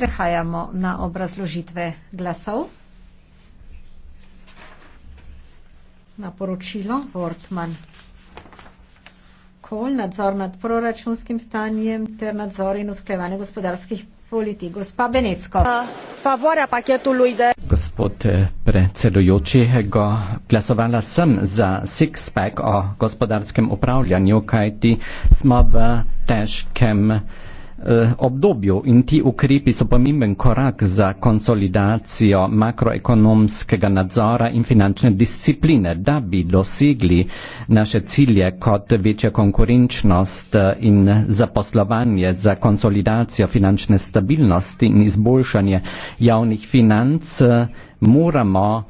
Prehajamo na obrazložitve glasov. Na poročilo Wortman. Kol, nadzor nad proračunskim stanjem ter nadzor in usklejevanje gospodarskih politik. Gospa Benecko. Favore paketu Lujde gospod eh, predsedujočega. Glasovala sem za six-pack o gospodarskem upravljanju, kajti smo v težkem. Eh, obdobju in ti ukrepi so pomemben korak za konsolidacijo makroekonomskega nadzora in finančne discipline, da bi dosegli naše cilje kot večja konkurenčnost eh, in zaposlovanje za konsolidacijo finančne stabilnosti in izboljšanje javnih financ, eh, moramo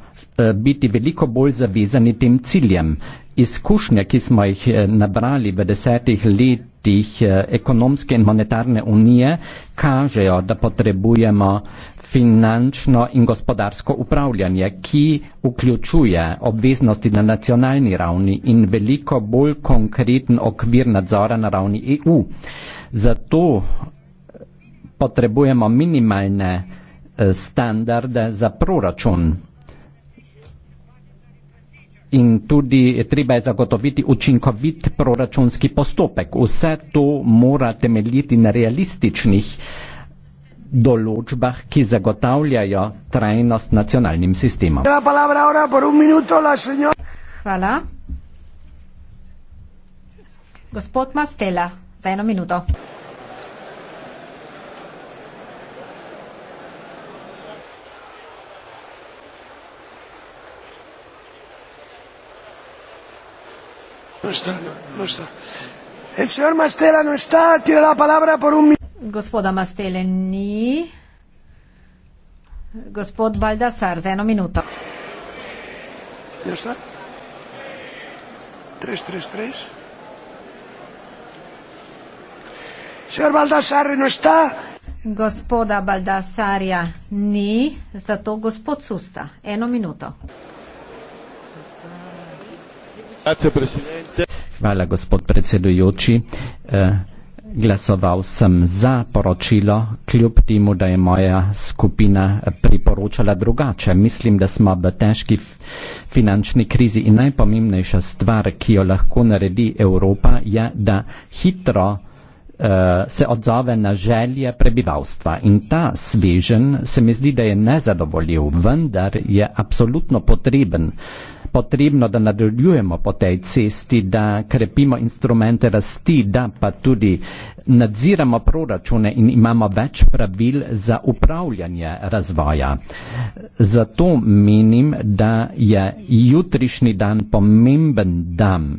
biti veliko bolj zavezani tem ciljem. Izkušnje, ki smo jih nabrali v desetih let tih eh, ekonomske in monetarne unije kažejo, da potrebujemo finančno in gospodarsko upravljanje, ki vključuje obveznosti na nacionalni ravni in veliko bolj konkreten okvir nadzora na ravni EU. Zato potrebujemo minimalne eh, standarde za proračun in tudi treba je zagotoviti učinkovit proračunski postopek. Vse to mora temeljiti na realističnih določbah, ki zagotavljajo trajnost nacionalnim sistemom. Hvala. Gospod Mastela, za eno minuto. No no no Gospoda Mastele ni. Gospod Baldasar, za eno minuto. Gospoda Baldasarja ni, zato gospod Susta. Eno minuto. Hvala, predsednik. Hvala, gospod predsedujoči. Eh, glasoval sem za poročilo, kljub temu, da je moja skupina priporočala drugače. Mislim, da smo v težki finančni krizi in najpomembnejša stvar, ki jo lahko naredi Evropa, je, da hitro eh, se odzove na želje prebivalstva. In ta svežen se mi zdi, da je nezadovoljiv, vendar je absolutno potreben potrebno, da nadaljujemo po tej cesti, da krepimo instrumente rasti, da pa tudi nadziramo proračune in imamo več pravil za upravljanje razvoja. Zato menim, da je jutrišnji dan pomemben dan.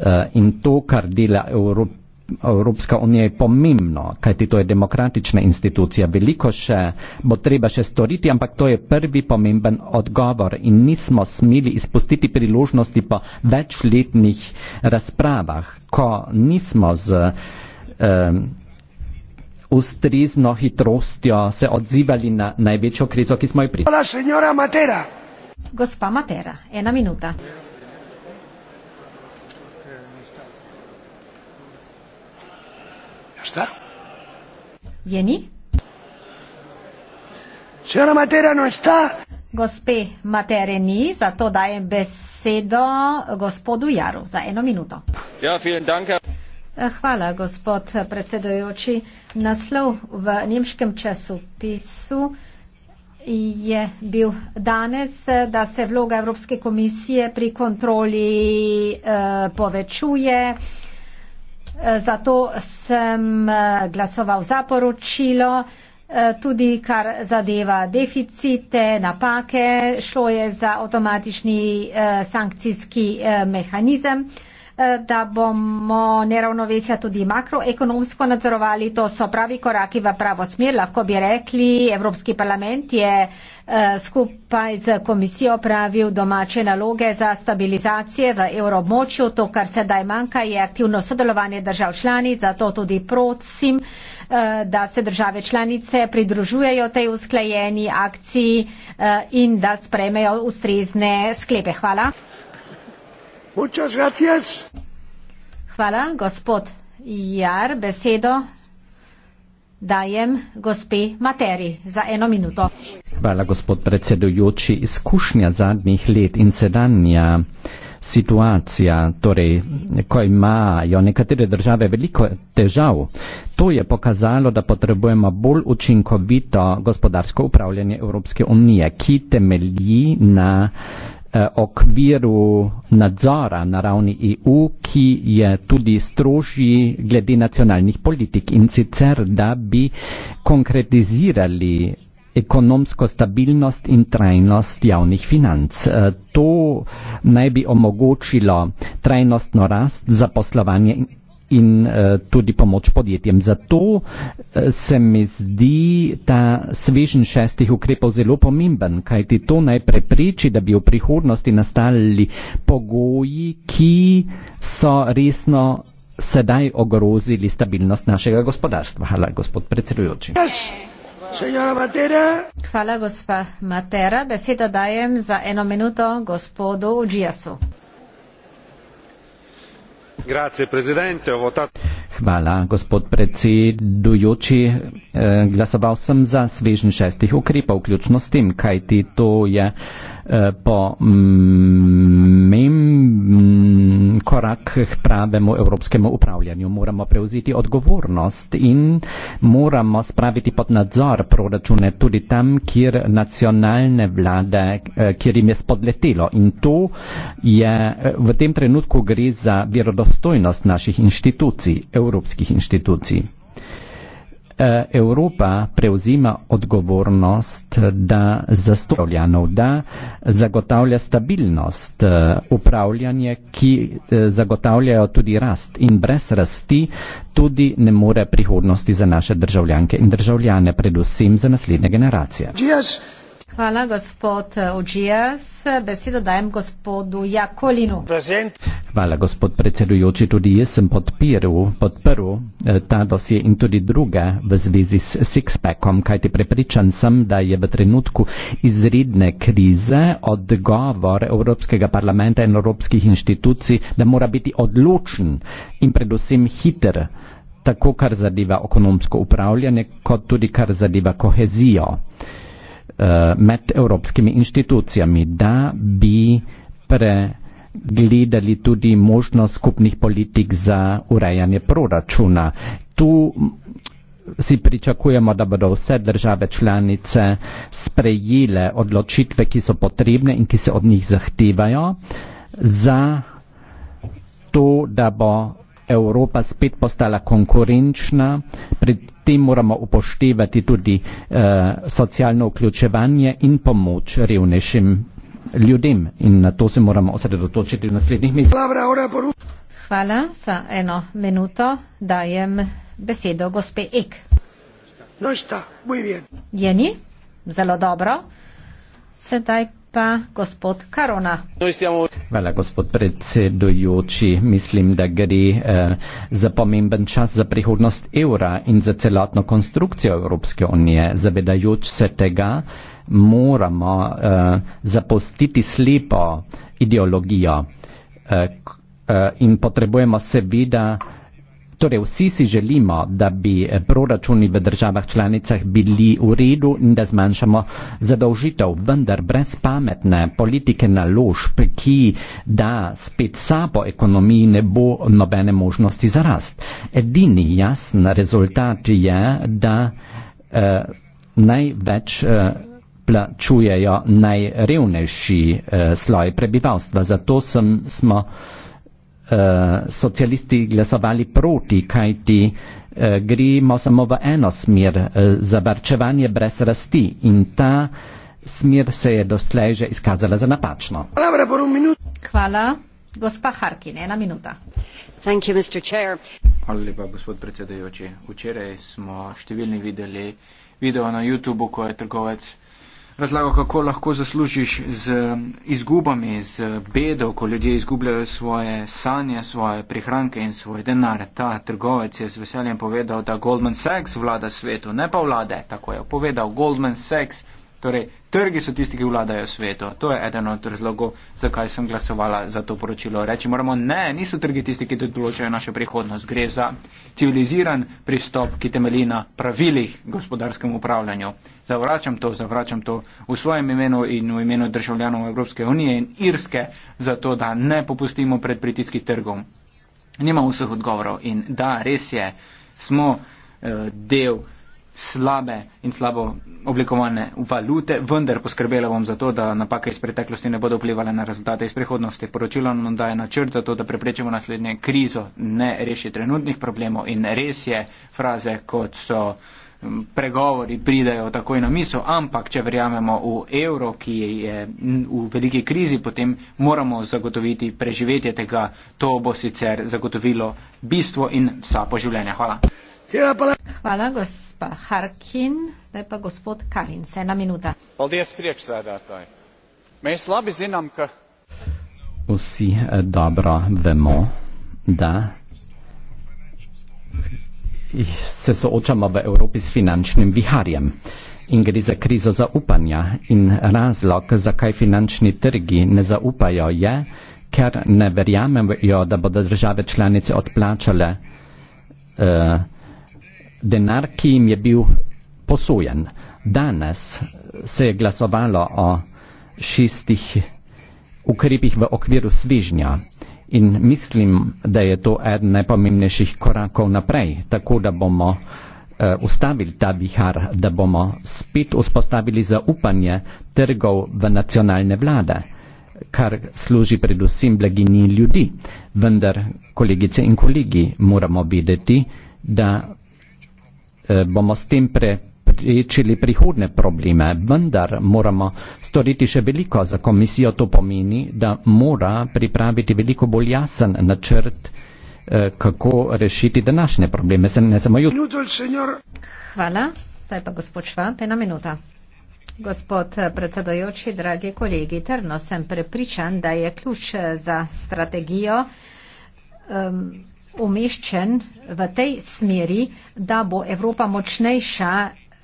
Eh, in to, kar dela Evropa, Evropska unija je pomembno, kajti to je demokratična institucija. Veliko še bo treba še storiti, ampak to je prvi pomemben odgovor in nismo smeli izpustiti priložnosti po večletnih razpravah, ko nismo z um, ustrezno hitrostjo se odzivali na največjo krizo, ki smo jo prišli. Gospa Matera, ena minuta. basta. Vieni. Signora Matera non sta. Gospe Matere ni, zato dajem besedo gospodu Jaru za eno minuto. Ja, vielen dank. Eh, hvala, gospod predsedojoči. Naslov v nemškem časopisu je bil danes, da se vloga Evropske komisije pri kontroli uh, povečuje. Uh, zato sem eh, glasoval za poročilo, eh, tudi kar zadeva deficite, napake, šlo je za avtomatični eh, sankcijski mehanizem. Eh, da bomo neravnovesja tudi makroekonomsko nadzorovali. To so pravi koraki v pravo smer. Lahko bi rekli, Evropski parlament je eh, skupaj z komisijo pravil domače naloge za stabilizacije v evromočju. To, kar sedaj manjka, je aktivno sodelovanje držav članic. Zato tudi prosim, eh, da se države članice pridružujejo tej usklajeni akciji in da spremejo ustrezne sklepe. Hvala. Muchas gracias. Hvala, gospod Jar. Besedo dajem gospe Materi za eno minuto. Hvala, gospod predsedujoči. Izkušnja zadnjih let in sedanja situacija, torej, ko imajo nekatere države veliko težav, to je pokazalo, da potrebujemo bolj učinkovito gospodarsko upravljanje Evropske unije, ki temelji na Eh, okviru nadzora na ravni EU, ki je tudi strožji glede nacionalnih politik in sicer, da bi konkretizirali ekonomsko stabilnost in trajnost javnih financ. Eh, to naj bi omogočilo trajnostno rast, zaposlovanje in uh, tudi pomoč podjetjem. Zato uh, se mi zdi ta svežen šestih ukrepov zelo pomemben, kajti to naj prepriči, da bi v prihodnosti nastali pogoji, ki so resno sedaj ogrozili stabilnost našega gospodarstva. Hvala, gospod predsedujoči. Hvala, gospa Matera. Beseda dajem za eno minuto gospodu Džijasu hvala gospod predsedujoči eh, glasoval sem za svežen šestih ukrepov vključno s tem kajti to je Eh, pomemben mm, mm, korak k pravemu evropskemu upravljanju. Moramo prevzeti odgovornost in moramo spraviti pod nadzor proračune tudi tam, kjer nacionalne vlade, eh, kjer jim je spodletelo. In to je eh, v tem trenutku gre za verodostojnost naših inštitucij, evropskih inštitucij. Eh, Evropa prevzima odgovornost, da zastavlja nov, da zagotavlja stabilnost, eh, upravljanje, ki eh, zagotavljajo tudi rast in brez rasti tudi ne more prihodnosti za naše državljanke in državljane, predvsem za naslednje generacije. GS. Hvala, gospod eh, Ođijas. Besedo dajem gospodu Jakolinu. Prezent. Hvala, gospod predsedujoči. Tudi jaz sem podpiril, podprl eh, ta dosje in tudi druge v zvezi s Sixpackom, kajti prepričan sem, da je v trenutku izredne krize odgovor Evropskega parlamenta in Evropskih inštitucij, da mora biti odločen in predvsem hiter tako kar zadeva ekonomsko upravljanje, kot tudi kar zadeva kohezijo. Uh, Eh, med evropskimi inštitucijami, da bi pregledali tudi možnost skupnih politik za urejanje proračuna. Tu si pričakujemo, da bodo vse države članice sprejele odločitve, ki so potrebne in ki se od njih zahtevajo za to, da bo Evropa spet postala konkurenčna, pri tem moramo upoštevati tudi uh, socialno vključevanje in pomoč revnejšim ljudem. In na to se moramo osredotočiti v naslednjih mesecih. Hvala. Za eno minuto dajem besedo gospe Ek. No, šta, muy bien. Jeni, zelo dobro. Sedaj pa gospod Karona. Hvala, gospod predsedujoči. Mislim, da gre eh, za pomemben čas za prihodnost evra in za celotno konstrukcijo Evropske unije. Zavedajoč se tega, moramo eh, zapustiti slepo ideologijo eh, eh, in potrebujemo seveda. Torej, vsi si želimo, da bi eh, proračuni v državah članicah bili v redu in da zmanjšamo zadolžitev, vendar brez pametne politike naložb, ki da spet sapo ekonomiji ne bo nobene možnosti za rast. Edini jasen rezultat je, da eh, največ. Eh, plačujejo najrevnejši eh, sloj prebivalstva. Zato sem, smo Eh, socialisti glasovali proti, kajti uh, gremo samo v eno smer, uh, eh, zavrčevanje brez rasti in ta smer se je doslej že izkazala za napačno. Hvala. Gospa Harkin, ena minuta. Thank you, Mr. Chair. Hvala lepa, gospod predsedajoči. Včeraj smo številni videli video na YouTubeu, ko je trgovec razlago, kako lahko zaslužiš z izgubami, z bedo, ko ljudje izgubljajo svoje sanje, svoje prihranke in svoj denar. Ta trgovec je z veseljem povedal, da Goldman Sachs vlada svetu, ne pa vlade, tako je povedal Goldman Sachs. Torej, trgi so tisti, ki vladajo svetu. To je eden od razlogov, zakaj sem glasovala za to poročilo. Reči moramo, ne, niso trgi tisti, ki določajo našo prihodnost. Gre za civiliziran pristop, ki temelji na pravilih gospodarskem upravljanju. Zavračam to, zavračam to v svojem imenu in v imenu državljanov Evropske unije in Irske, zato da ne popustimo pred pritiski trgov. Nima vseh odgovorov in da, res je, smo eh, del slabe in slabo oblikovane valute, vendar poskrbela bom za to, da napake iz preteklosti ne bodo vplivali na rezultate iz prihodnosti. Poročilo nam daje načrt za to, da preprečimo naslednje krizo, ne reši trenutnih problemov in res je fraze, kot so pregovori pridejo takoj na misel, ampak če verjamemo v evro, ki je v veliki krizi, potem moramo zagotoviti preživetje tega. To bo sicer zagotovilo bistvo in vsa poživljenja. Hvala. Tiene la palabra. Hvala, gospa Harkin. Zdaj pa gospod Karin, ena minuta. Paldies, priekšsēdētāji. Mēs labi zinām, ka. Vsi eh, dobro vemo, da se soočamo v Evropi s finančnim viharjem in gre za krizo zaupanja. In razlog, zakaj finančni trgi ne zaupajo, je, ker ne verjamejo, da bodo države članice odplačale. Uh, denar, ki jim je bil posojen. Danes se je glasovalo o šestih ukrepih v okviru svižnja in mislim, da je to eden najpomembnejših korakov naprej, tako da bomo eh, ustavili ta vihar, da bomo spet vzpostavili zaupanje trgov v nacionalne vlade, kar služi predvsem blaginji ljudi. Vendar, kolegice in kolegi, moramo vedeti, da Eh, bomo s tem preprečili prihodne probleme, vendar moramo storiti še veliko. Za komisijo to pomeni, da mora pripraviti veliko bolj jasen načrt, eh, kako rešiti današnje probleme. Se ne samo Hvala. Zdaj pa gospod Švamp, ena minuta. Gospod eh, predsedojoči, dragi kolegi, trdno sem prepričan, da je ključ za strategijo. Um, umeščen v tej smeri, da bo Evropa močnejša eh,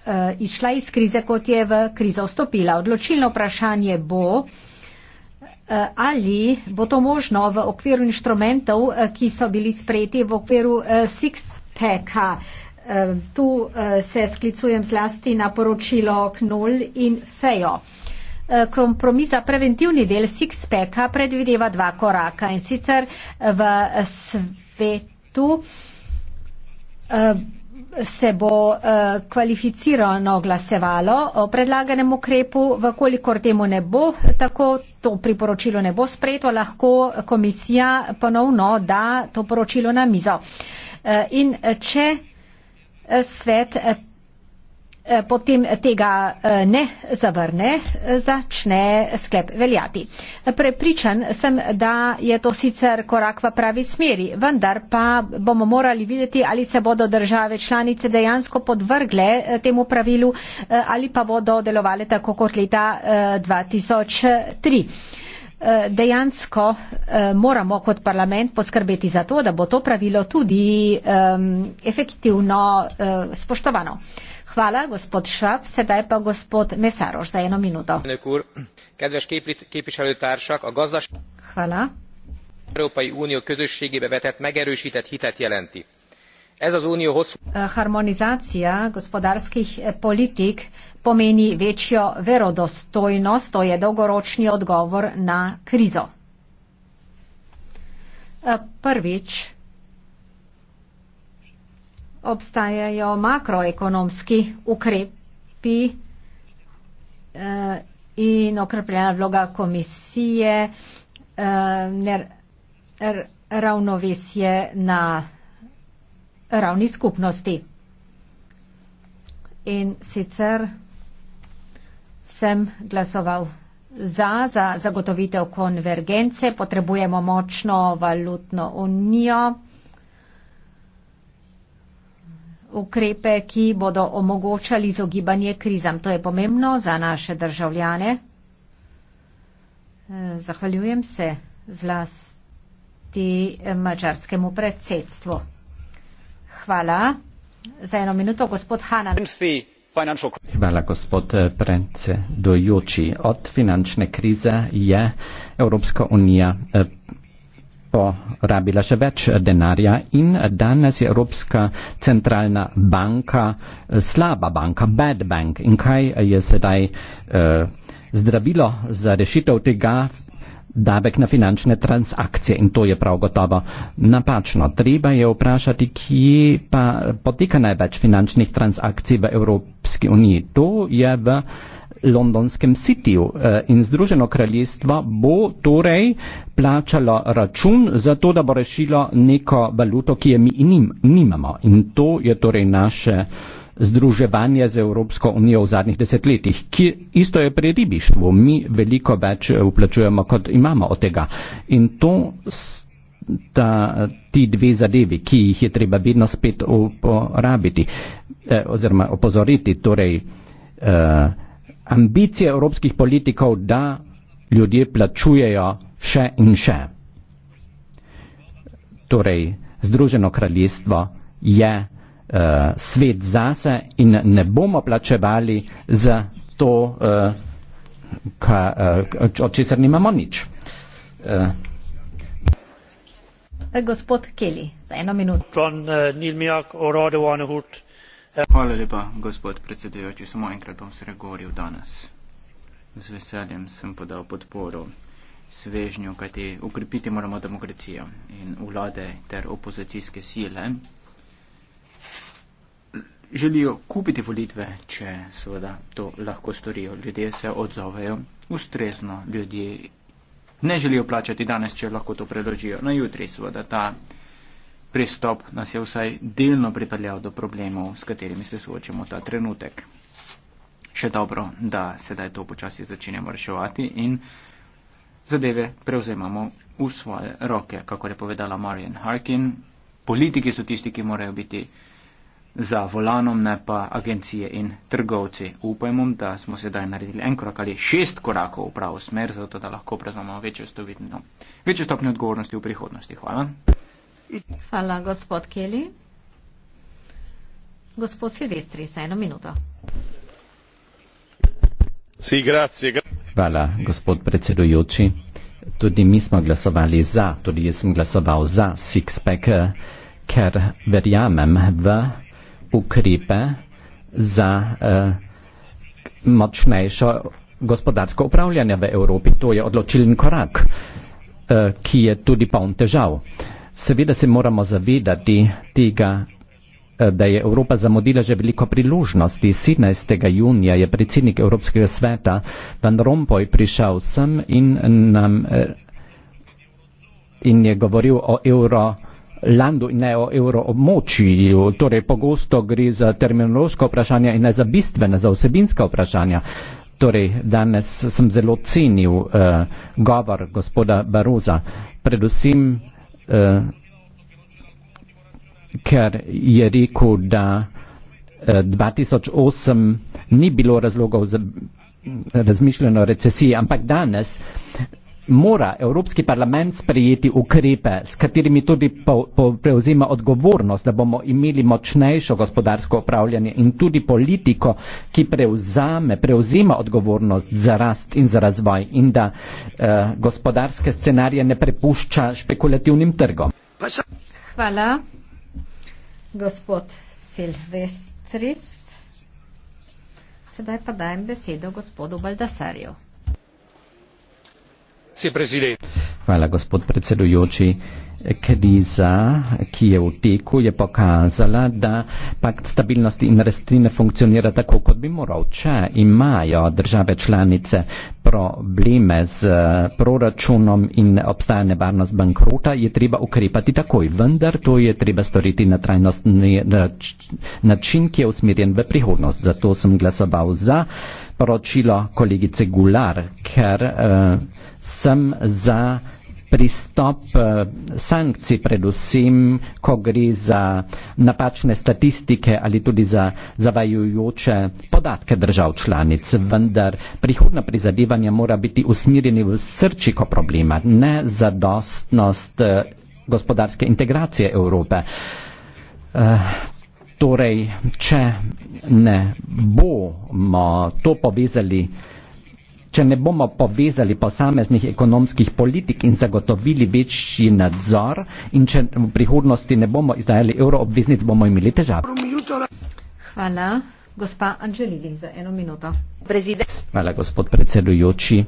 izšla iz krize, kot je v krizo vstopila. Odločilno vprašanje bo, eh, ali bo to možno v okviru inštrumentov, eh, ki so bili sprejeti v okviru SIXPEK. Tu se sklicujem zlasti na poročilo KNUL in FEJO. Kompromis za preventivni del SIXPEK predvideva dva koraka in sicer v svetu eh, se bo eh, kvalificirano glasevalo o predlaganem ukrepu, vkolikor temu ne bo tako, to priporočilo ne bo spreto, lahko komisija ponovno da to poročilo na mizo. Eh, in če svet Eh, potem tega eh, ne zavrne, eh, začne sklep veljati. Prepričan sem, da je to sicer korak v pravi smeri, vendar pa bomo morali videti, ali se bodo države članice dejansko podvrgle temu pravilu ali pa bodo delovali tako kot leta 2003. Dejansko moramo kot parlament poskrbeti za to, da bo to pravilo tudi um, efektivno uh, spoštovano. Uh, Hvala, gospod Švab. Sedaj pa gospod Mesaroš za eno minuto. Kur, kedves képviselőtársak, a gazdaság... Hvala. Európai Unió közösségébe vetett, megerősített hitet jelenti. Ez az unió hosszú... Eh, harmonizácia gospodárskih eh, politik pomeni večjo verodostojnost, to je dolgoročni odgovor na krizo. Eh, prvič, obstajajo makroekonomski ukrepi eh, in okrepljena vloga komisije, eh, ner, er, ravnovesje na ravni skupnosti. In sicer sem glasoval za, za zagotovitev konvergence, potrebujemo močno valutno unijo. ukrepe, ki bodo omogočali izogibanje krizam. To je pomembno za naše državljane. Eh, zahvaljujem se zlasti mačarskemu predsedstvu. Hvala. Za eno minuto, gospod Hanan. Hvala, gospod eh, predsedujoči. Od finančne krize je Evropska unija eh, porabila še več denarja in danes je Evropska centralna banka eh, slaba banka, bad bank. In kaj je sedaj eh, zdravilo za rešitev tega? davek na finančne transakcije in to je prav gotovo napačno. Treba je vprašati, kje pa poteka največ finančnih transakcij v Evropski uniji. To je v londonskem sitiju eh, in Združeno kraljestvo bo torej plačalo račun za to, da bo rešilo neko valuto, ki je mi nim, nimamo. In to je torej naše združevanje z Evropsko unijo v zadnjih desetletjih, ki isto je pri ribištvu. Mi veliko več uplačujemo, eh, kot imamo od tega. In to sta ti dve zadevi, ki jih je treba vedno spet uporabiti eh, oziroma opozoriti. Torej, eh, ambicije evropskih politikov, da ljudje plačujejo še in še. Torej, Združeno kraljestvo je uh, svet zase in ne bomo plačevali za to, uh, ka, uh, od česar nimamo nič. Uh. Gospod Kelly, za eno minuto. Hvala lepa, gospod predsedujoči. Samo enkrat bom sregovoril danes. Z veseljem sem podal podporo svežnju, kajti ukrepiti moramo demokracijo in vlade ter opozicijske sile. Želijo kupiti volitve, če seveda to lahko storijo. Ljudje se odzovejo ustrezno. Ljudje ne želijo plačati danes, če lahko to preložijo na jutri. Seveda ta pristop nas je vsaj delno pripeljal do problemov, s katerimi se soočamo ta trenutek. Še dobro, da sedaj to počasi začenjamo reševati in zadeve prevzemamo v svoje roke, kako je povedala Marian Harkin. Politiki so tisti, ki morajo biti za volanom, ne pa agencije in trgovci. Upajmo, da smo sedaj naredili en korak ali šest korakov v pravo smer, zato da lahko prevzamemo večjo, večjo stopnjo odgovornosti v prihodnosti. Hvala. Hvala, gospod Kelly. Gospod Silvestri, za eno minuto. Hvala, gospod predsedujoči. Tudi mi smo glasovali za, tudi jaz sem glasoval za Sixpack, ker verjamem v ukrepe za uh, močnejšo gospodarsko upravljanje v Evropi. To je odločilen korak, uh, ki je tudi poln težav. Uh, Seveda se moramo zavedati tega, eh, da je Evropa zamudila že veliko priložnosti. 17. junija je predsednik Evropskega sveta Van Rompuy prišel sem in, nam, eh, in je govoril o euro. Landu in ne o euroobmočju, torej pogosto gre za terminološko vprašanje in ne za bistvene, za osebinska vprašanja. Torej, danes sem zelo cenil uh, govor gospoda Baruza, predvsem eh, ker je rekel, da eh, 2008 ni bilo razlogov za eh, razmišljeno recesijo, ampak danes mora Evropski parlament sprejeti ukrepe, s katerimi tudi po, po prevzema odgovornost, da bomo imeli močnejšo gospodarsko upravljanje in tudi politiko, ki prevzame, prevzema odgovornost za rast in za razvoj in da eh, gospodarske scenarije ne prepušča špekulativnim trgom. Hvala, gospod Silvestris. Sedaj pa dajem besedo gospodu Baldasarju. Hvala, gospod predsedujoči. Kriza, ki je v teku, je pokazala, da pakt stabilnosti in rasti ne funkcionira tako, kot bi moral. Če imajo države članice probleme z eh, proračunom in obstaja nevarnost bankrota, je treba ukrepati takoj. Vendar to je treba storiti na trajnostni način, ki je usmerjen v prihodnost. Zato sem glasoval za poročilo kolegice Gular, ker. Uh, sem za pristop eh, sankcij, predvsem, ko gre za napačne statistike ali tudi za zavajujoče podatke držav članic. Vendar prihodna prizadevanja mora biti usmirjeni v srčiko problema, ne za dostnost eh, gospodarske integracije Evrope. Eh, torej, če ne bomo to povezali, Če ne bomo povezali posameznih ekonomskih politik in zagotovili večji nadzor in če v prihodnosti ne bomo izdajali euroobveznic, bomo imeli težave. Hvala. Gospa Anželini za eno minuto. Hvala, gospod predsedujoči.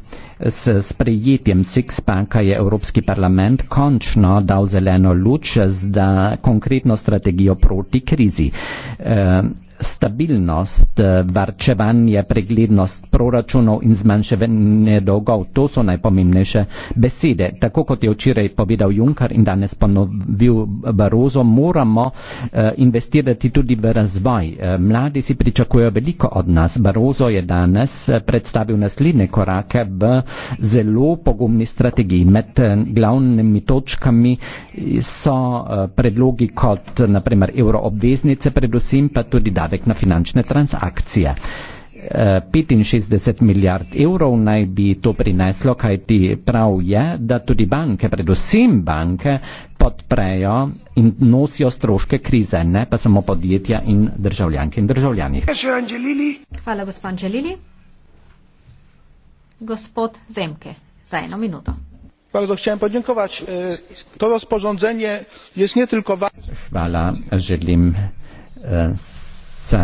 S sprejetjem SIX-paka je Evropski parlament končno dal zeleno luč za konkretno strategijo proti krizi. E, stabilnost, eh, varčevanje, preglednost proračunov in zmanjševanje dolgov. To so najpomembnejše besede. Tako kot je včeraj povedal Juncker in danes ponovil Barozo, moramo eh, investirati tudi v razvoj. Eh, mladi si pričakujejo veliko od nas. Barozo je danes predstavil naslednje korake v zelo pogumni strategiji. Med glavnimi točkami so predlogi kot naprimer euroobveznice, predvsem pa tudi da davek na finančne transakcije. 65 milijard evrov naj bi to prineslo, kajti prav je, da tudi banke, predvsem banke, podprejo in nosijo stroške krize, ne pa samo podjetja in državljanke in državljani. Hvala, gospod Anželili. Gospod Zemke, za eno minuto. E, Hvala, želim. Eh, se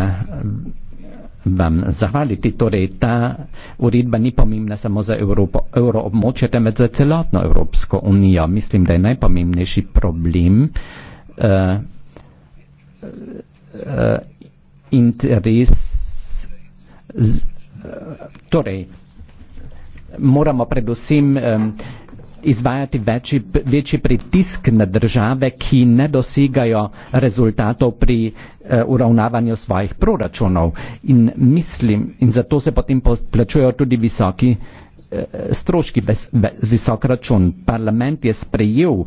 vam zahvaliti. Torej, ta uredba ni pomembna samo za Evropo, euroobmočje, temveč za celotno Evropsko unijo. Mislim, da je najpomembnejši problem uh, uh, interes. Z, uh, torej, moramo predvsem um, izvajati večji, večji pritisk na države, ki ne dosegajo rezultatov pri uh, Eh, uravnavanju svojih proračunov in mislim, in zato se potem plačujejo tudi visoki eh, stroški, bez, bez, visok račun. Parlament je sprejel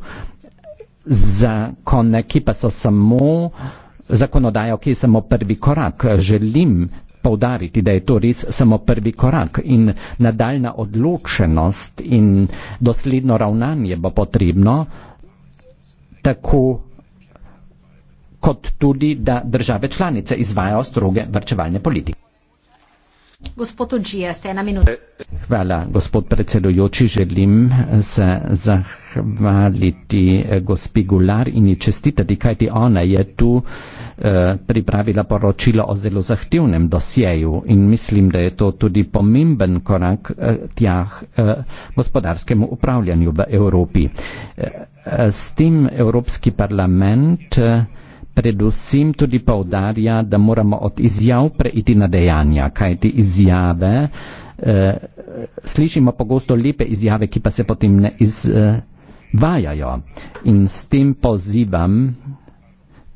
zakone, ki pa so samo zakonodajo, ki je samo prvi korak. Želim povdariti, da je to res samo prvi korak in nadaljna odločenost in dosledno ravnanje bo potrebno tako kot tudi da države članice izvajajo stroge vrčevalne politike. Gospod Odžijas, ena minuta. Hvala, gospod predsedujoči. Želim se zahvaliti eh, gospi Gular in ji čestitati, kajti ona je tu eh, pripravila poročilo o zelo zahtevnem dosjeju in mislim, da je to tudi pomemben korak eh, tja gospodarskemu upravljanju v Evropi. S tem Evropski parlament predvsem tudi povdarja, da moramo od izjav preiti na dejanja, kaj ti izjave, eh, slišimo pogosto lepe izjave, ki pa se potem ne izvajajo. In s tem pozivam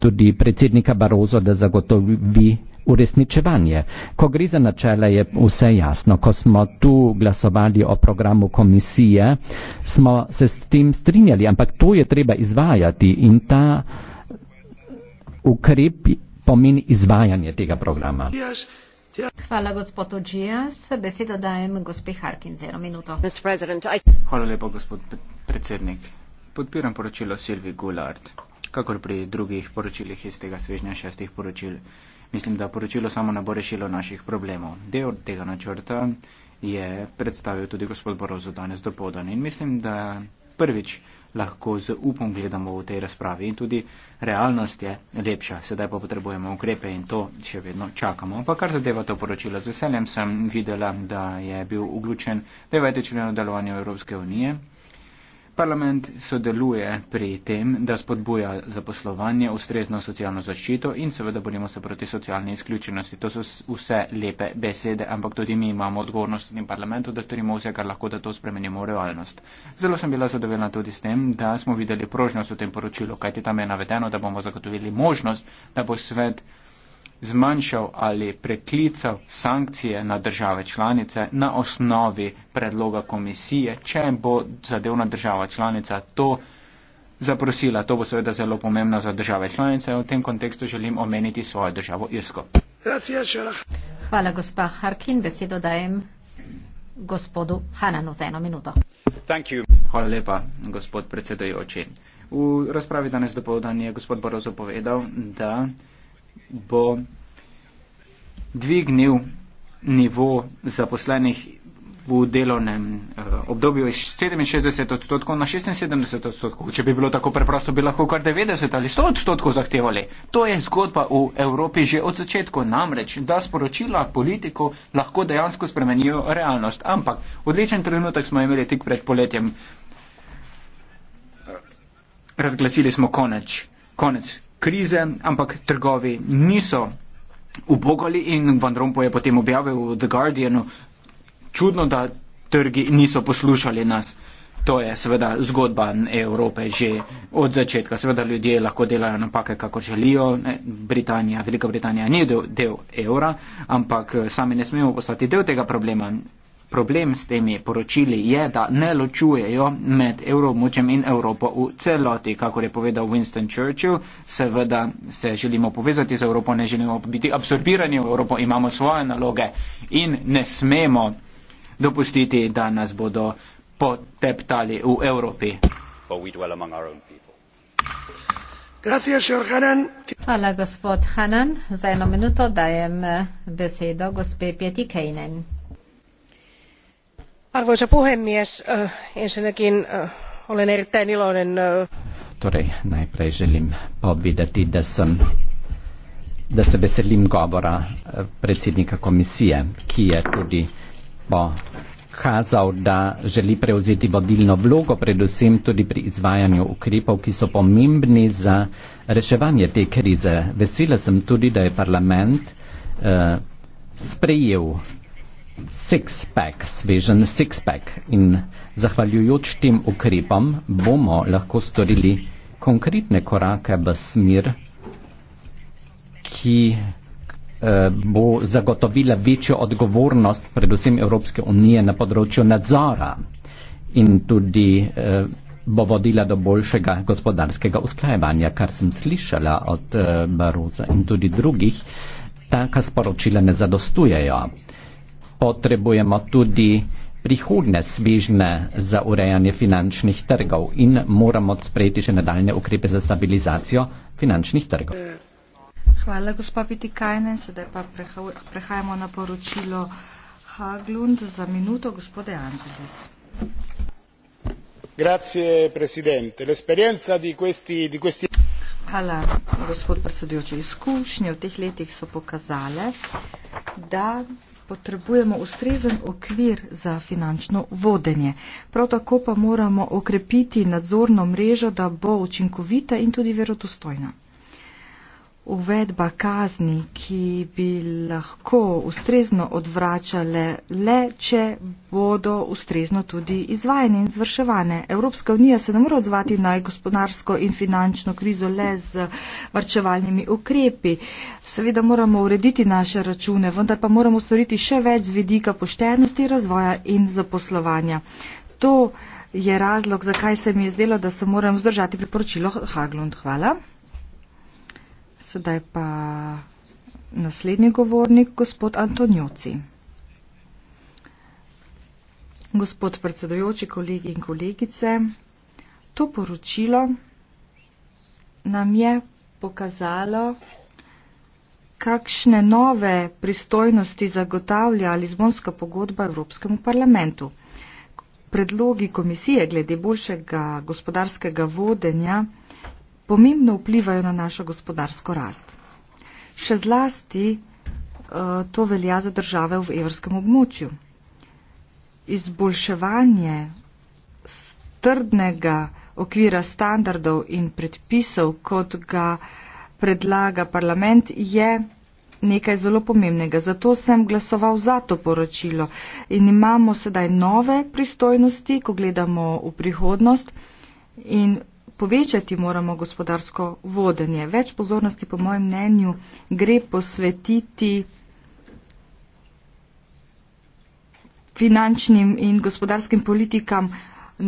tudi predsednika Barozo, da zagotovi uresničevanje. Ko gre za načela, je vse jasno. Ko smo tu glasovali o programu komisije, smo se s tem strinjali, ampak to je treba izvajati in ta ukrepi pomeni izvajanje tega programa. Hvala, gospod Odžijas. Besedo dajem gospe Harkin za eno minuto. I... Hvala lepa, gospod predsednik. Podpiram poročilo Silvi Gulard, kakor pri drugih poročilih iz tega svežnja šestih poročil. Mislim, da poročilo samo ne bo rešilo naših problemov. Del tega načrta je predstavil tudi gospod Borozo danes do podan in mislim, da prvič lahko z upom gledamo v tej razpravi in tudi realnost je lepša. Sedaj pa potrebujemo ukrepe in to še vedno čakamo. Ampak kar zadeva to poročilo, z veseljem sem videla, da je bil vključen 9. člen delovanja Evropske unije, Parlament sodeluje pri tem, da spodbuja zaposlovanje, ustrezno socialno zaščito in seveda borimo se proti socialni izključenosti. To so vse lepe besede, ampak tudi mi imamo odgovornost v tem parlamentu, da storimo vse, kar lahko, da to spremenimo v realnost. Zelo sem bila zadovoljna tudi s tem, da smo videli prožnost v tem poročilu, kajti tam je navedeno, da bomo zagotovili možnost, da bo svet zmanjšal ali preklical sankcije na države članice na osnovi predloga komisije, če bo zadevna država članica to zaprosila. To bo seveda zelo pomembno za države članice. V tem kontekstu želim omeniti svojo državo Irsko. Hvala, gospa Harkin. Besedo dajem gospodu Hananu za eno minuto. Hvala lepa, gospod predsedojoči. V razpravi danes dopovdan je gospod Barozo povedal, da bo dvignil nivo zaposlenih v delovnem eh, obdobju iz 67 odstotkov na 76 odstotkov. Če bi bilo tako preprosto, bi lahko kar 90 ali 100 odstotkov zahtevali. To je zgodba v Evropi že od začetka, namreč, da sporočila politiko lahko dejansko spremenijo realnost. Ampak odličen trenutek smo imeli tik pred poletjem. Razglasili smo konec, konec krize, ampak trgovi niso ubogali in Van Rompuy je potem objavil v The Guardianu, čudno, da trgi niso poslušali nas. To je seveda zgodba Evrope že od začetka. Seveda ljudje lahko delajo napake, kako želijo. Britanija, Velika Britanija ni del, del evra, ampak eh, sami ne smemo postati del tega problema problem s temi poročili je, da ne ločujejo med evromočem in Evropo v celoti, kakor je povedal Winston Churchill. Seveda se želimo povezati z Evropo, ne želimo biti absorbirani v Evropo, imamo svoje naloge in ne smemo dopustiti, da nas bodo poteptali v Evropi. Hvala, gospod Hanan. Za eno minuto dajem besedo gospe Pieti Kejnen arvoisa puhemies ensinnäkin olen erittäin iloinen Torej, najprej želim povedati, da, sem, da se veselim govora e, predsednika komisije, ki je tudi pokazal, da želi prevzeti vodilno vlogo, predvsem tudi pri izvajanju ukrepov, ki so pomembni za reševanje te krize. Vesela sem tudi, da je parlament eh, sprejel six-pack, svežen six-pack. In zahvaljujoč tem ukrepom bomo lahko storili konkretne korake v smer, ki eh, bo zagotovila večjo odgovornost predvsem Evropske unije na področju nadzora in tudi eh, bo vodila do boljšega gospodarskega usklajevanja, kar sem slišala od eh, Baroza in tudi drugih, taka sporočila ne zadostujejo. Eh, potrebujemo tudi prihodne svižne za urejanje finančnih trgov in moramo sprejeti še nadaljne ukrepe za stabilizacijo finančnih trgov. Hvala, gospa Pitikajne. Sedaj pa prehajamo na poročilo Haglund za minuto, gospode Anželis. Hvala, gospod predsedujoči. Izkušnje v teh letih so pokazale, da potrebujemo ustrezen okvir za finančno vodenje. Prav tako pa moramo okrepiti nadzorno mrežo, da bo učinkovita in tudi verodostojna uvedba kazni, ki bi lahko ustrezno odvračale le, če bodo ustrezno tudi izvajene in zvrševane. Evropska unija se ne mora odzvati na gospodarsko in finančno krizo le z varčevalnimi ukrepi. Seveda moramo urediti naše račune, vendar pa moramo storiti še več z vidika poštenosti, razvoja in zaposlovanja. To je razlog, zakaj se mi je zdelo, da se moram vzdržati priporočilo Haglund. Hvala. Sedaj pa naslednji govornik, gospod Antonioci. Gospod predsedujoči, kolegi in kolegice, to poročilo nam je pokazalo, kakšne nove pristojnosti zagotavlja Lizbonska pogodba Evropskemu parlamentu. Predlogi komisije glede boljšega gospodarskega vodenja pomembno vplivajo na našo gospodarsko rast. Še zlasti eh, to velja za države v evrskem območju. Izboljševanje trdnega okvira standardov in predpisov, kot ga predlaga parlament, je nekaj zelo pomembnega. Zato sem glasoval za to poročilo in imamo sedaj nove pristojnosti, ko gledamo v prihodnost in povečati moramo gospodarsko vodenje. Več pozornosti, po mojem mnenju, gre posvetiti finančnim in gospodarskim politikam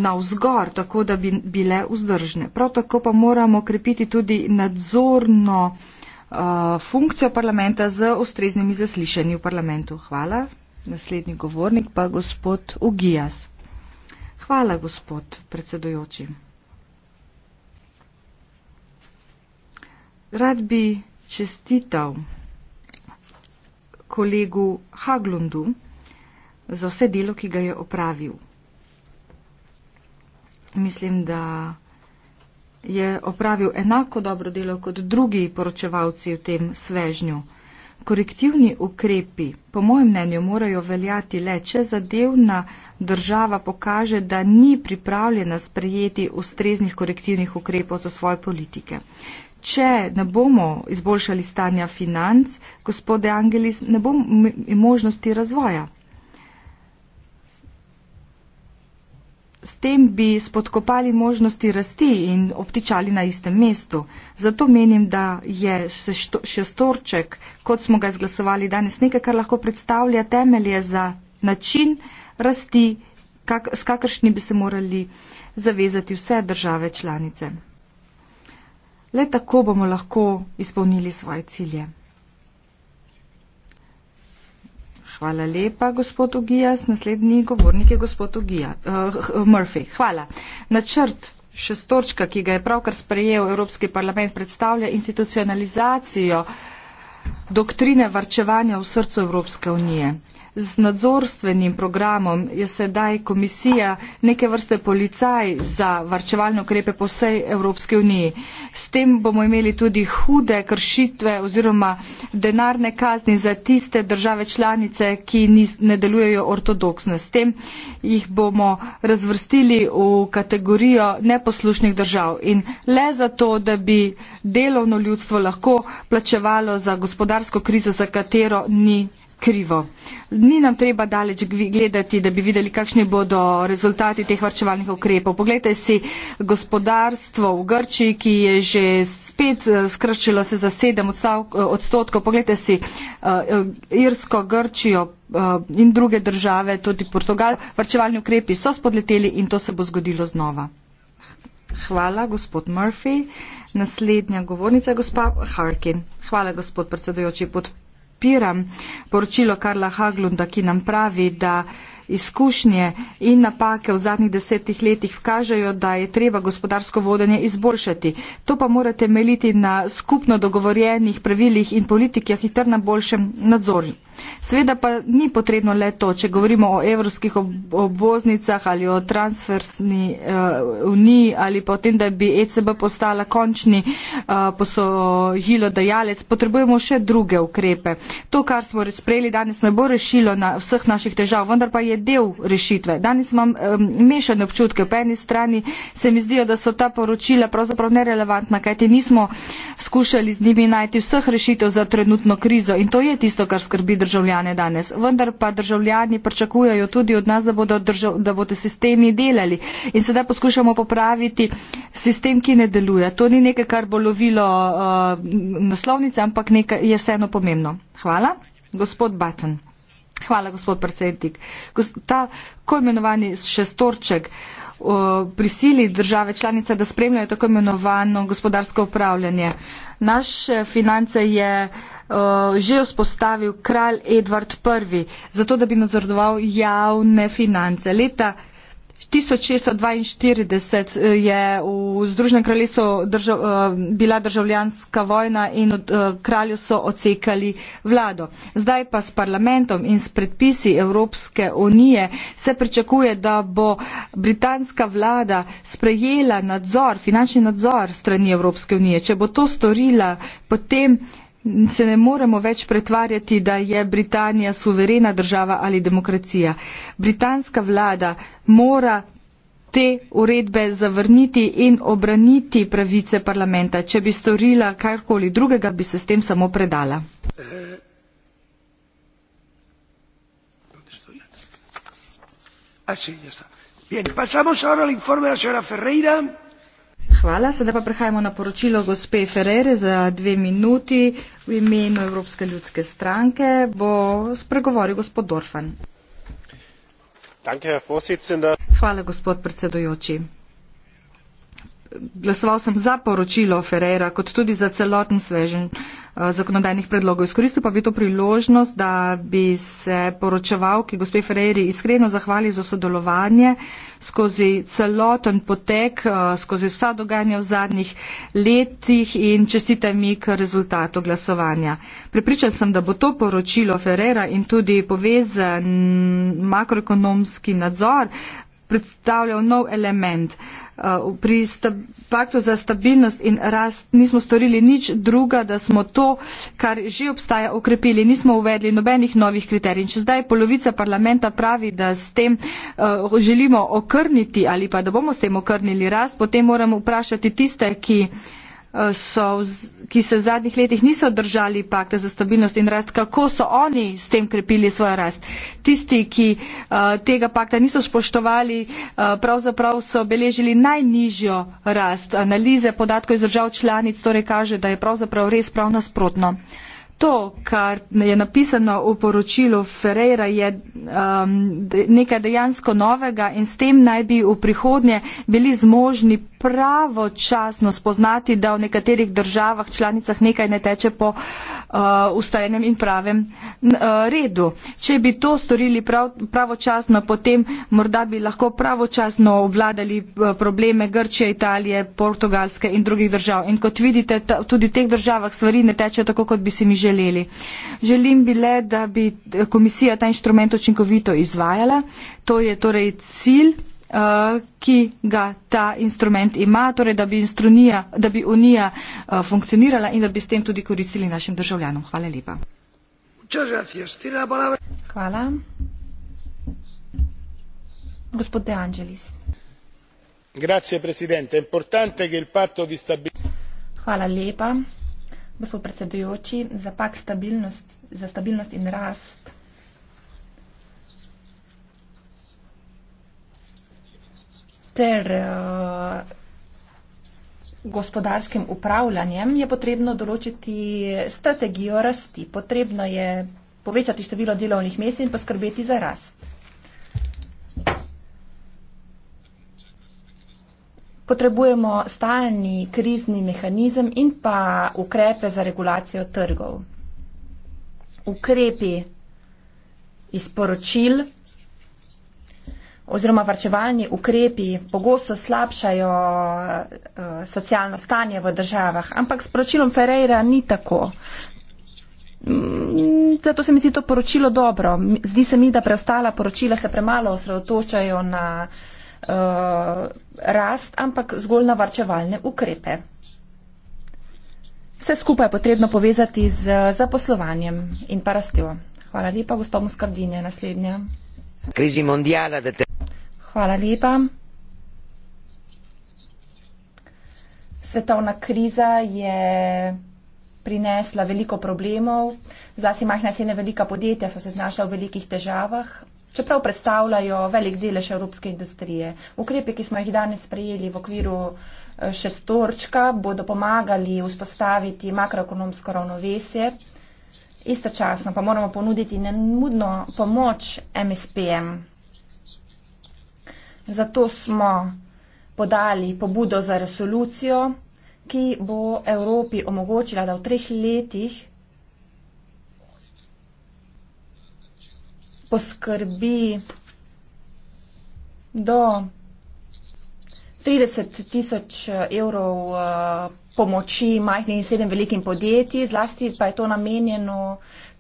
na vzgor, tako da bi bile vzdržne. Prav tako pa moramo krepiti tudi nadzorno uh, funkcijo parlamenta z ustreznimi zaslišanji v parlamentu. Hvala. Naslednji govornik pa gospod Ugijas. Hvala, gospod predsedujoči. Rad bi čestital kolegu Haglundu za vse delo, ki ga je opravil. Mislim, da je opravil enako dobro delo kot drugi poročevalci v tem svežnju. Korektivni ukrepi, po mojem mnenju, morajo veljati le, če zadevna država pokaže, da ni pripravljena sprejeti ustreznih korektivnih ukrepov za svoje politike če ne bomo izboljšali stanja financ, gospode Angelis, ne bo možnosti razvoja. S tem bi spodkopali možnosti rasti in obtičali na istem mestu. Zato menim, da je šestorček, kot smo ga izglasovali danes, nekaj, kar lahko predstavlja temelje za način rasti, kak s kakršni bi se morali zavezati vse države članice. Le tako bomo lahko izpolnili svoje cilje. Hvala lepa, gospod Ugijas. Naslednji govornik je gospod Ugija, uh, eh, Murphy. Hvala. Načrt šestorčka, ki ga je pravkar sprejel Evropski parlament, predstavlja institucionalizacijo doktrine varčevanja v srcu Evropske unije z nadzorstvenim programom je sedaj komisija neke vrste policaj za varčevalne ukrepe po vsej Evropske uniji. S tem bomo imeli tudi hude kršitve oziroma denarne kazni za tiste države članice, ki ne delujejo ortodoksno. S tem jih bomo razvrstili v kategorijo neposlušnih držav. In le zato, da bi delovno ljudstvo lahko plačevalo za gospodarsko krizo, za katero ni krivo. Ni nam treba daleč gledati, da bi videli, kakšni bodo rezultati teh varčevalnih ukrepov. Poglejte si gospodarstvo v Grčiji, ki je že spet eh, skrčilo se za sedem eh, odstotkov. Poglejte si eh, Irsko, Grčijo in druge države, tudi Portugal. Varčevalni ukrepi so spodleteli in to se bo zgodilo znova. Hvala, gospod Murphy. Naslednja govornica je gospa Harkin. Hvala, gospod predsedujoči podpiram poročilo Karla Haglunda, ki nam pravi, da izkušnje in napake v zadnjih desetih letih kažejo, da je treba gospodarsko vodenje izboljšati. To pa morate meliti na skupno dogovorjenih pravilih in politikah in ter na boljšem nadzorju. Sveda pa ni potrebno le to, če govorimo o evropskih obvoznicah ali o transfersni uh, uniji ali pa o tem, da bi ECB postala končni uh, eh, posojilo dajalec, potrebujemo še druge ukrepe. To, kar smo sprejeli danes, ne bo rešilo na vseh naših težav, vendar pa je del rešitve. Danes imam um, mešane občutke. Po eni strani se mi zdijo, da so ta poročila pravzaprav nerelevantna, kajti nismo skušali z njimi najti vseh rešitev za trenutno krizo in to je tisto, kar skrbi državljane danes. Vendar pa državljani pričakujajo tudi od nas, da bodo, držav, da bodo sistemi delali. In sedaj poskušamo popraviti sistem, ki ne deluje. To ni nekaj, kar bo lovilo uh, naslovnice, ampak nekaj je vseeno pomembno. Hvala. Gospod Batten. Hvala, gospod predsednik. Ta ko imenovani šestorček. Uh, prisili države članice, da spremljajo tako imenovano gospodarsko upravljanje. Naš finance je že vzpostavil kralj Edvard I, zato da bi nadzorodoval javne finance. Leta 1642 eh, je v Združenem kraljestvu držav, eh, bila državljanska vojna in od eh, kralju so odsekali vlado. Zdaj pa s parlamentom in s predpisi Evropske unije se pričakuje, da bo britanska vlada sprejela nadzor, finančni nadzor strani Evropske unije. Če bo to storila, potem se ne moremo več pretvarjati, da je Britanija suverena država ali demokracija. Britanska vlada mora te uredbe zavrniti in obraniti pravice parlamenta. Če bi storila karkoli drugega, bi se s tem samo predala. Ah, sí, ya está. Bien, pasamos ahora al informe de la señora Ferreira. Hvala. Sedaj pa prehajamo na poročilo gospe Ferrere za dve minuti v imenu Evropske ljudske stranke. Bo spregovoril gospod Dorfan. Danke, Hvala, gospod predsedujoči glasoval sem za poročilo Ferreira, kot tudi za celoten svežen eh, zakonodajnih predlogov. Izkoristil pa bi to priložnost, da bi se poročeval, ki gospe Ferreiri iskreno zahvali za sodelovanje skozi celoten potek, eh, skozi vsa dogajanja v zadnjih letih in čestite mi k rezultatu glasovanja. Pripričan sem, da bo to poročilo Ferreira in tudi povezan makroekonomski nadzor predstavljal nov element. Uh, pri paktu za stabilnost in rast nismo storili nič druga, da smo to, kar že obstaja, okrepili. Nismo uvedli nobenih novih kriterij. Če zdaj polovica parlamenta pravi, da s tem uh, želimo okrniti ali pa da bomo s tem okrnili rast, potem moramo vprašati tiste, ki. Uh, Eh, so, ki se v zadnjih letih niso držali pakta za stabilnost in rast, kako so oni s tem krepili svojo rast. Tisti, ki eh, tega pakta niso spoštovali, eh, pravzaprav so beležili najnižjo rast. Analize podatkov iz držav članic torej kaže, da je pravzaprav res prav nasprotno. To, kar je napisano v poročilu Ferreira, je um, nekaj dejansko novega in s tem naj bi v prihodnje bili zmožni pravočasno spoznati, da v nekaterih državah, članicah nekaj ne teče po uh, ustaljenem in pravem uh, redu. Če bi to storili prav, pravočasno, potem morda bi lahko pravočasno obvladali uh, probleme Grčije, Italije, Portugalske in drugih držav. In kot vidite, ta, tudi v teh državah stvari ne tečejo tako, kot bi si mi želeli. Želim bi le, da bi eh, komisija ta inštrument učinkovito izvajala. To je torej cilj uh, ki ga ta instrument ima, torej da bi, da bi Unija uh, funkcionirala in da bi s tem tudi koristili našim državljanom. Hvala lepa. Hvala. Gospod De Angelis. Grazie, presidente. Importante che il patto di stabilità. Hvala lepa, gospod predsedujoči, za pakt za stabilnost in rast. ter eh, gospodarskim upravljanjem je potrebno določiti strategijo rasti. Potrebno je povečati število delovnih mest in poskrbeti za rast. Potrebujemo stalni krizni mehanizem in pa ukrepe za regulacijo trgov. Ukrepi izporočil oziroma varčevalni ukrepi pogosto slabšajo eh, socialno stanje v državah, ampak s poročilom Ferreira ni tako. Mm, zato se mi zdi to poročilo dobro. Zdi se mi, da preostala poročila se premalo osredotočajo na uh, rast, ampak zgolj na varčevalne ukrepe. Vse skupaj je potrebno povezati z zaposlovanjem in pa rastjo. Hvala lepa, gospod Muskardin je naslednja. Krizi mondiala, da te. Hvala lepa. Svetovna kriza je prinesla veliko problemov, zlasti majhna in srednja velika podjetja so se znašla v velikih težavah, čeprav predstavljajo velik delež evropske industrije. Ukrepe, ki smo jih danes sprejeli v okviru eh, šestorčka, bodo pomagali vzpostaviti makroekonomsko ravnovesje, istočasno pa moramo ponuditi nemudno pomoč MSPM. Zato smo podali pobudo za resolucijo, ki bo Evropi omogočila, da v treh letih poskrbi do 30 tisoč eh, evrov eh, pomoči majhnim in sedem velikim podjetij, zlasti pa je to namenjeno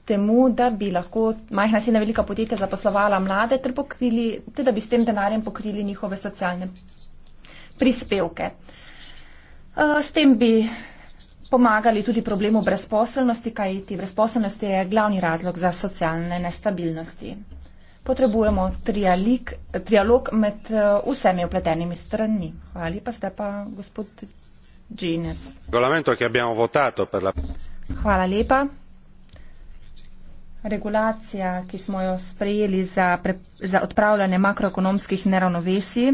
temu, da bi lahko majhna sina velika podjetja zaposlovala mlade ter pokrili, te da bi s tem denarjem pokrili njihove socialne prispevke. Eh, s tem bi pomagali tudi problemu brezposelnosti, kajti brezposelnost je glavni razlog za socialne nestabilnosti. Potrebujemo trialik, trialog med eh, vsemi upletenimi strani. Hvala pa ste pa, gospod Genes. Hvala lepa regulacija, ki smo jo sprejeli za, pre, za odpravljanje makroekonomskih neravnovesij,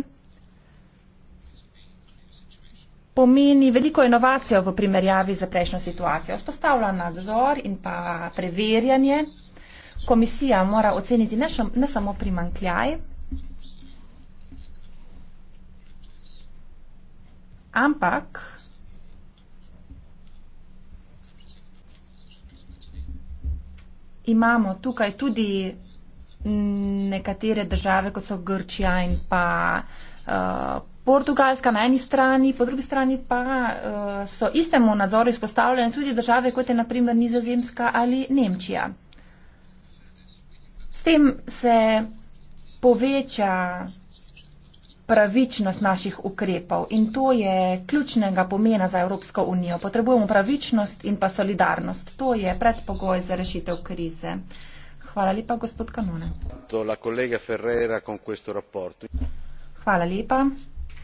pomeni veliko inovacijo v primerjavi za prejšnjo situacijo. Vzpostavlja nadzor in pa preverjanje. Komisija mora oceniti ne, šom, ne samo primankljaj, ampak imamo tukaj tudi nekatere države, kot so Grčija in pa uh, Portugalska na eni strani, po drugi strani pa uh, so istemu nadzoru izpostavljene tudi države, kot je naprimer Nizozemska ali Nemčija. S tem se poveča pravičnost naših ukrepov in to je ključnega pomena za Evropsko unijo. Potrebujemo pravičnost in pa solidarnost. To je predpogoj za rešitev krize. Hvala lepa, gospod Kanone. Hvala lepa.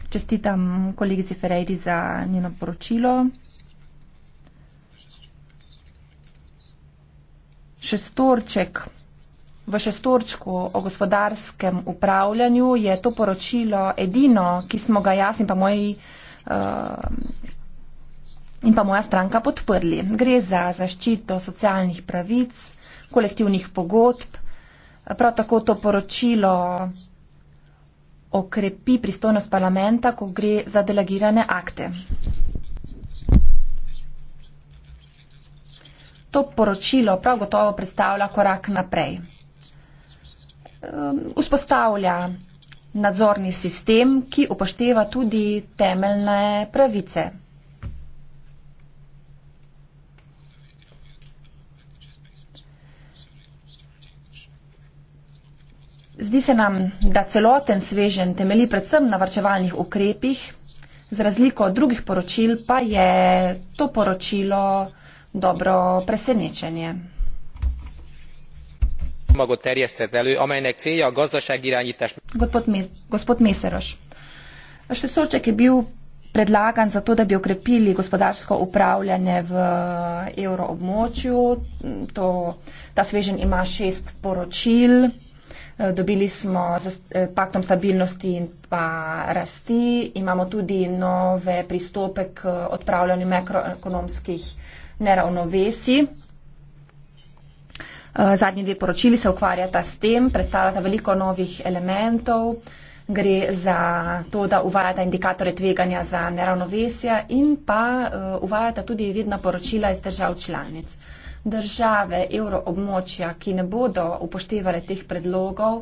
Čestitam kolegici Ferreri za njeno poročilo. Šestorček. V šestorčku o gospodarskem upravljanju je to poročilo edino, ki smo ga jaz in pa, moji, uh, in pa moja stranka podprli. Gre za zaščito socialnih pravic, kolektivnih pogodb. Prav tako to poročilo okrepi pristojnost parlamenta, ko gre za delegirane akte. To poročilo prav gotovo predstavlja korak naprej um, vzpostavlja nadzorni sistem, ki upošteva tudi temeljne pravice. Zdi se nam, da celoten svežen temeli predvsem na varčevalnih ukrepih, z razliko od drugih poročil pa je to poročilo dobro presenečenje csomagot terjesztett elő, amelynek célja a gazdaságirányítás. Gospod Meseros. Še sorček je bil predlagan za to, da bi okrepili gospodarsko upravljanje v evroobmočju. Ta svežen ima šest poročil. Eh, dobili smo z eh, paktom stabilnosti in pa rasti. Imamo tudi nove pristope k odpravljanju makroekonomskih neravnovesij. Eh, zadnji dve poročili se ukvarjata s tem, predstavljata veliko novih elementov. Gre za to, da uvajata indikatore tveganja za neravnovesja in pa eh, uvajata tudi vedna poročila iz držav članic. Države evroobmočja, ki ne bodo upoštevale teh predlogov, eh,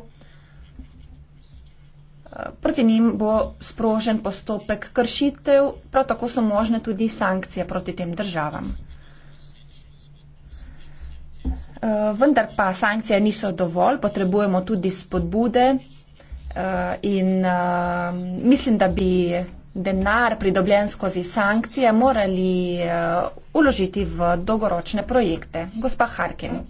proti njim bo sprožen postopek kršitev, prav tako so možne tudi sankcije proti tem državam. Eh, vendar pa sankcije niso dovolj, potrebujemo tudi spodbude eh, in eh, mislim, da bi denar pridobljen skozi sankcije morali uložiti v dolgoročne projekte. Gospa Harkin.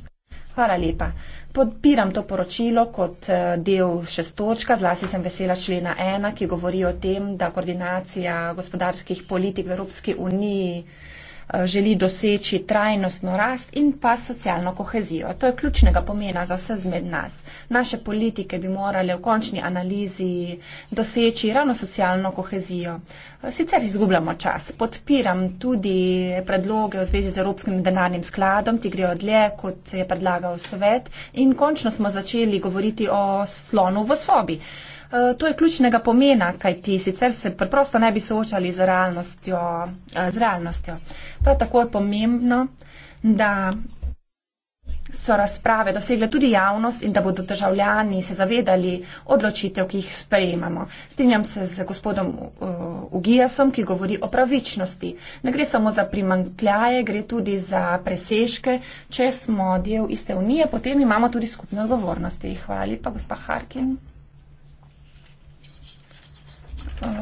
Hvala lepa. Podpiram to poročilo kot del šestočka, zlasti sem vesela člena ena, ki govori o tem, da koordinacija gospodarskih politik v Evropski uniji uh, Eh, želi doseči trajnostno rast in pa socialno kohezijo. To je ključnega pomena za vse zmed nas. Naše politike bi morale v končni analizi doseči ravno socialno kohezijo. Eh, sicer izgubljamo čas. Podpiram tudi predloge v zvezi z Evropskim denarnim skladom, ti grejo dlje, kot je predlagal svet in končno smo začeli govoriti o slonu v sobi. Eh, to je ključnega pomena, kaj ti sicer se preprosto ne bi soočali z realnostjo. Z realnostjo. Prav tako je pomembno, da so razprave dosegle tudi javnost in da bodo državljani se zavedali odločitev, ki jih sprejemamo. Strinjam se z gospodom uh, Ugijasom, ki govori o pravičnosti. Ne gre samo za primankljaje, gre tudi za preseške. Če smo del iste unije, potem imamo tudi skupne odgovornosti. Hvala lepa, gospa Harkin. Eh,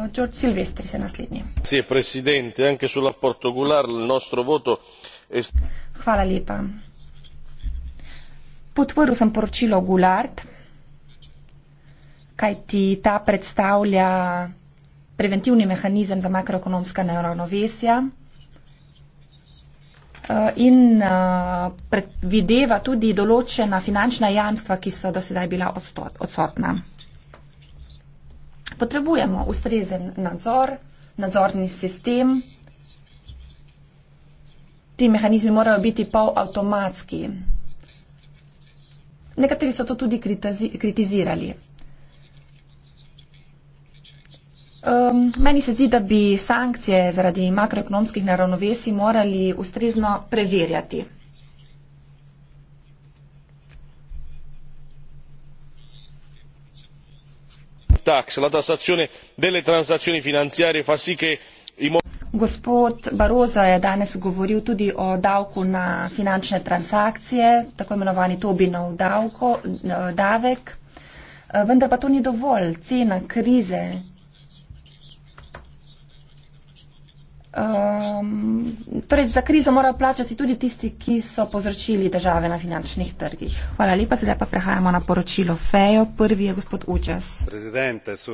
podprl sem poročilo goulard kajti ta predstavlja preventivni mehanizem za makroekonomska neravnovesja eh, in eh, predvideva tudi določena finančna jamstva, ki so do sedaj bila odsotna. Potrebujemo ustrezen nadzor, nadzorni sistem. Ti mehanizmi morajo biti polavtomatski. Nekateri so to tudi kritizirali. Um, meni se zdi, da bi sankcije zaradi makroekonomskih naravnovesi morali ustrezno preverjati. tax la tassazione delle transazioni finanziarie fa sì che i Gospod Barozo je danes govoril tudi o davku na finančne transakcije, tako imenovani Tobinov davko, eh, davek, eh, vendar pa to ni dovolj. Cena krize Um, torej za krizo morajo plačati tudi tisti, ki so povzročili težave na finančnih trgih. Hvala lepa, sedaj pa prehajamo na poročilo Fejo. Prvi je gospod Učes.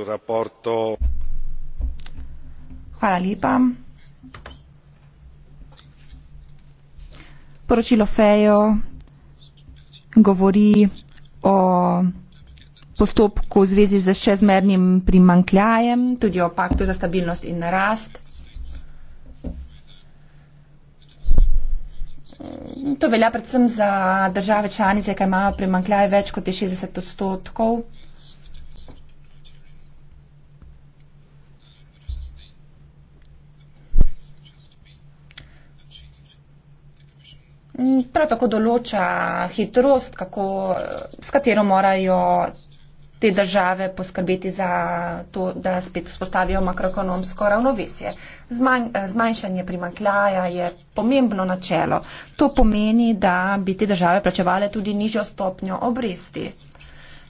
Rapporto... Hvala lepa. Poročilo Fejo govori o postopku v zvezi z še zmernim primankljajem, tudi o paktu za stabilnost in rast. To velja predvsem za države članice, ki imajo primankljaj več kot 60 odstotkov. Prav tako določa hitrost, kako, s katero morajo te države poskrbeti za to, da spet vzpostavijo makroekonomsko ravnovesje. Zmanj, eh, zmanjšanje primankljaja je pomembno načelo. To pomeni, da bi te države plačevale tudi nižjo stopnjo obresti.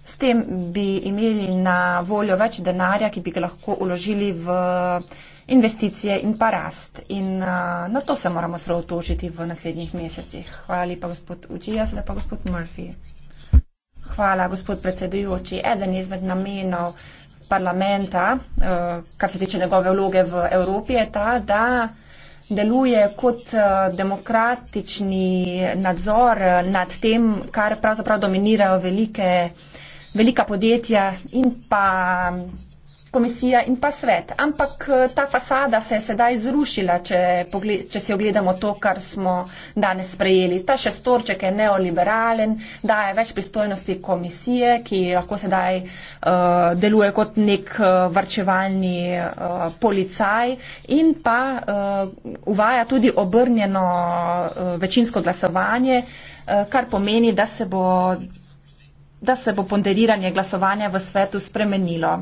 S tem bi imeli na voljo več denarja, ki bi ga lahko uložili v investicije in pa rast. In uh, na to se moramo sredotočiti v naslednjih mesecih. Hvala lepa, gospod Učija, sedaj pa gospod Murphy. Hvala, gospod predsedujoči. Eden izmed namenov parlamenta, eh, kar se tiče njegove vloge v Evropi, je ta, da deluje kot eh, demokratični nadzor nad tem, kar pravzaprav dominirajo velike, velika podjetja in pa komisija in pa svet. Ampak eh, ta fasada se je sedaj zrušila, če, če si ogledamo to, kar smo danes sprejeli. Ta šestorček je neoliberalen, daje več pristojnosti komisije, ki lahko sedaj uh, deluje kot nek uh, eh, vrčevalni uh, policaj in pa uh, uvaja tudi obrnjeno uh, večinsko glasovanje, uh, kar pomeni, da se bo. da se bo ponderiranje glasovanja v svetu spremenilo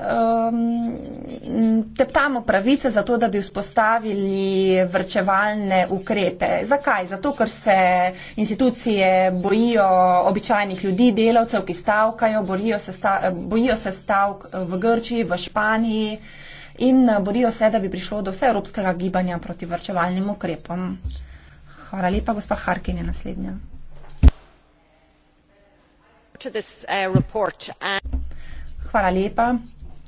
um, teptamo pravice za to, da bi vzpostavili vrčevalne ukrepe. Zakaj? Zato, ker se institucije bojijo običajnih ljudi, delavcev, ki stavkajo, se sta, bojijo se stavk v Grčiji, v Španiji in bojijo se, da bi prišlo do vseevropskega gibanja proti vrčevalnim ukrepom. Hvala lepa, gospa Harkin je naslednja. Uh, Hvala lepa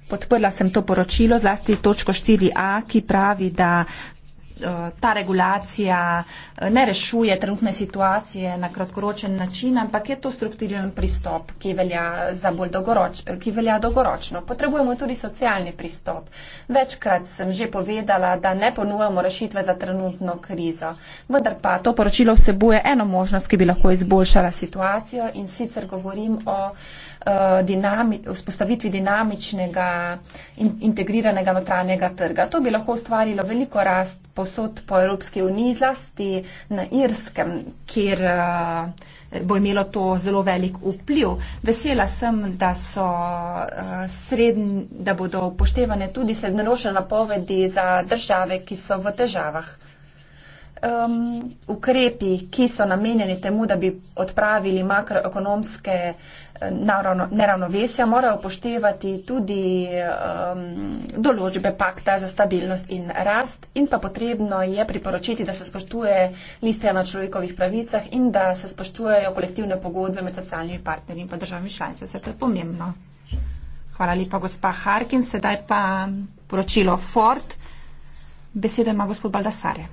podprla sem to poročilo, zlasti točko 4a, ki pravi, da eh, ta regulacija eh, ne rešuje trenutne situacije na kratkoročen način, ampak je to strukturiran pristop, ki velja, za bolj dogoroč, ki velja dolgoročno. Potrebujemo tudi socialni pristop. Večkrat sem že povedala, da ne ponujemo rešitve za trenutno krizo. Vendar pa to poročilo vsebuje eno možnost, ki bi lahko izboljšala situacijo in sicer govorim o Eh, dinami, vzpostavitvi dinamičnega in integriranega notranjega trga. To bi lahko ustvarilo veliko rast posod po Evropski uniji, zlasti na Irskem, kjer eh, bo imelo to zelo velik vpliv. Vesela sem, da, so, eh, sredn, da bodo upoštevane tudi srednjeloše napovedi za države, ki so v težavah. Um, ukrepi, ki so namenjeni temu, da bi odpravili makroekonomske uh, neravnovesja morajo upoštevati tudi um, določbe pakta za stabilnost in rast in pa potrebno je priporočiti, da se spoštuje listja na človekovih pravicah in da se spoštujejo kolektivne pogodbe med socialnimi partnerji in pa državami članice. Se to je pomembno. Hvala lepa, gospa Harkin. Sedaj pa poročilo Ford. Besedo ima gospod Baldasare.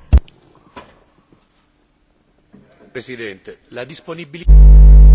Presidente, la disponibilità.